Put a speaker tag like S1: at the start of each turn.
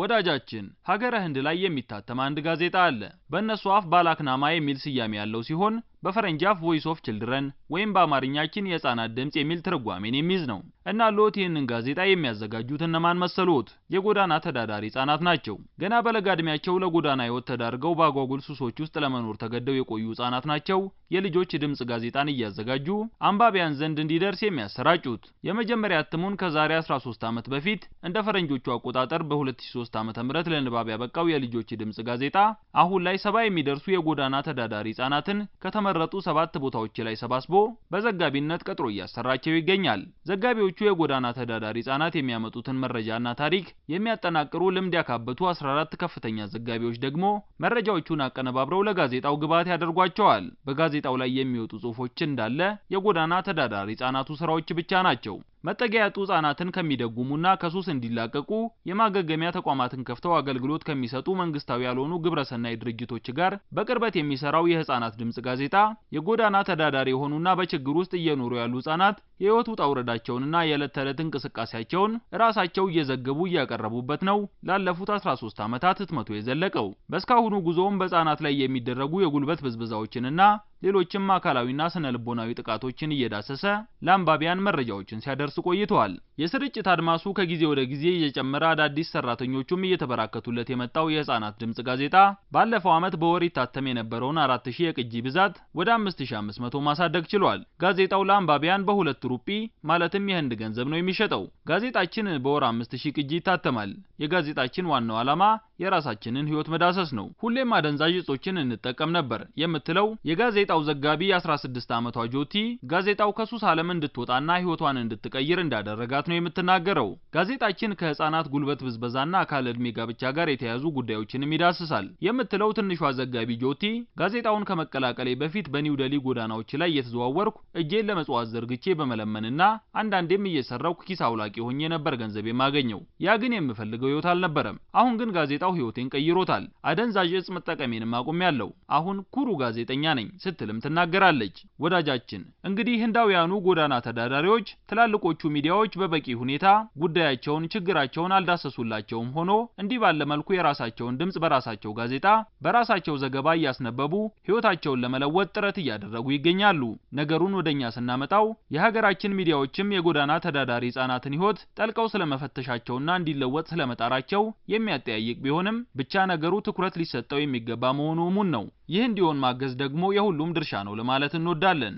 S1: ወዳጃችን ሀገረ ህንድ ላይ የሚታተም አንድ ጋዜጣ አለ በእነሱ አፍ ባላክናማ የሚል ስያሜ ያለው ሲሆን በፈረንጅ አፍ ቮይስ ኦፍ ችልድረን ወይም በአማርኛችን የህፃናት ድምፅ የሚል ትርጓሜን የሚይዝ ነው እና ሎት ይህንን ጋዜጣ የሚያዘጋጁት እነማን መሰሉት የጎዳና ተዳዳሪ ህጻናት ናቸው። ገና በለጋ እድሜያቸው ለጎዳና ህይወት ተዳርገው በአጓጉል ሱሶች ውስጥ ለመኖር ተገደው የቆዩ ህጻናት ናቸው የልጆች ድምፅ ጋዜጣን እያዘጋጁ አንባቢያን ዘንድ እንዲደርስ የሚያሰራጩት። የመጀመሪያ እትሙን ከዛሬ 13 ዓመት በፊት እንደ ፈረንጆቹ አቆጣጠር በ2003 ዓ.ም ለንባብ ያበቃው የልጆች ድምፅ ጋዜጣ አሁን ላይ ሰባ የሚደርሱ የጎዳና ተዳዳሪ ህጻናትን ከተመረጡ ሰባት ቦታዎች ላይ ሰባስቦ በዘጋቢነት ቀጥሮ እያሰራቸው ይገኛል። ዘጋቢዎቹ የጎዳና ተዳዳሪ ህጻናት የሚያመጡትን መረጃና ታሪክ የሚያጠናቅሩ ልምድ ያካበቱ 14 ከፍተኛ ዘጋቢዎች ደግሞ መረጃዎቹን አቀነባብረው ለጋዜጣው ግብዓት ያደርጓቸዋል። በጋዜጣው ላይ የሚወጡ ጽሁፎች እንዳለ የጎዳና ተዳዳሪ ህጻናቱ ስራዎች ብቻ ናቸው። መጠጊያ ያጡ ህጻናትን ከሚደጉሙና ከሱስ እንዲላቀቁ የማገገሚያ ተቋማትን ከፍተው አገልግሎት ከሚሰጡ መንግስታዊ ያልሆኑ ግብረሰናይ ድርጅቶች ጋር በቅርበት የሚሰራው የህጻናት ድምጽ ጋዜጣ የጎዳና ተዳዳሪ የሆኑና በችግር ውስጥ እየኖሩ ያሉ ህጻናት የህይወት ውጣ ውረዳቸውንና የዕለት ተዕለት እንቅስቃሴያቸውን ራሳቸው እየዘገቡ እያቀረቡበት ነው። ላለፉት 13 ዓመታት ህትመቱ የዘለቀው በእስካሁኑ ጉዞውም በህጻናት ላይ የሚደረጉ የጉልበት ብዝብዛዎችንና ሌሎችም አካላዊና ስነ ልቦናዊ ጥቃቶችን እየዳሰሰ ለአንባቢያን መረጃዎችን ሲያደርስ ቆይተዋል። የስርጭት አድማሱ ከጊዜ ወደ ጊዜ እየጨመረ አዳዲስ ሰራተኞቹም እየተበራከቱለት የመጣው የህፃናት ድምጽ ጋዜጣ ባለፈው ዓመት በወር ይታተም የነበረውን 4000 የቅጂ ብዛት ወደ 5500 ማሳደግ ችሏል። ጋዜጣው ለአንባቢያን በሁለት ሩፒ ማለትም የህንድ ገንዘብ ነው የሚሸጠው። ጋዜጣችን በወር 5000 ቅጂ ይታተማል። የጋዜጣችን ዋናው ዓላማ የራሳችንን ህይወት መዳሰስ ነው። ሁሌም አደንዛዥ እጾችን እንጠቀም ነበር የምትለው የጋዜጣ የጋዜጣው ዘጋቢ የ16 ዓመቷ ጆቲ ጋዜጣው ከሱስ ዓለም እንድትወጣና ህይወቷን እንድትቀይር እንዳደረጋት ነው የምትናገረው። ጋዜጣችን ከህፃናት ጉልበት ብዝበዛና አካል እድሜ ጋብቻ ጋር የተያያዙ ጉዳዮችንም ይዳስሳል የምትለው ትንሿ ዘጋቢ ጆቲ ጋዜጣውን ከመቀላቀሌ በፊት በኒው ደሊ ጎዳናዎች ላይ እየተዘዋወርኩ እጄን ለመጽዋት ዘርግቼ በመለመንና አንዳንዴም እየሰራው ኪስ አውላቂ ሆኜ ነበር ገንዘብ የማገኘው። ያ ግን የምፈልገው ህይወት አልነበረም። አሁን ግን ጋዜጣው ህይወቴን ቀይሮታል። አደንዛዥ እጽ መጠቀሜንም አቁሜያለሁ። አሁን ኩሩ ጋዜጠኛ ነኝ ስትል ስትልም ትናገራለች። ወዳጃችን እንግዲህ ህንዳውያኑ ጎዳና ተዳዳሪዎች ትላልቆቹ ሚዲያዎች በበቂ ሁኔታ ጉዳያቸውን፣ ችግራቸውን አልዳሰሱላቸውም። ሆኖ እንዲህ ባለ መልኩ የራሳቸውን ድምጽ በራሳቸው ጋዜጣ፣ በራሳቸው ዘገባ እያስነበቡ ህይወታቸውን ለመለወጥ ጥረት እያደረጉ ይገኛሉ። ነገሩን ወደኛ ስናመጣው የሀገራችን ሚዲያዎችም የጎዳና ተዳዳሪ ህጻናትን ህይወት ጠልቀው ስለመፈተሻቸውና እንዲለወጥ ስለመጣራቸው የሚያጠያይቅ ቢሆንም ብቻ ነገሩ ትኩረት ሊሰጠው የሚገባ መሆኑ እሙን ነው። ይህ እንዲሆን ማገዝ ደግሞ የሁሉም ድርሻ ነው ለማለት እንወዳለን።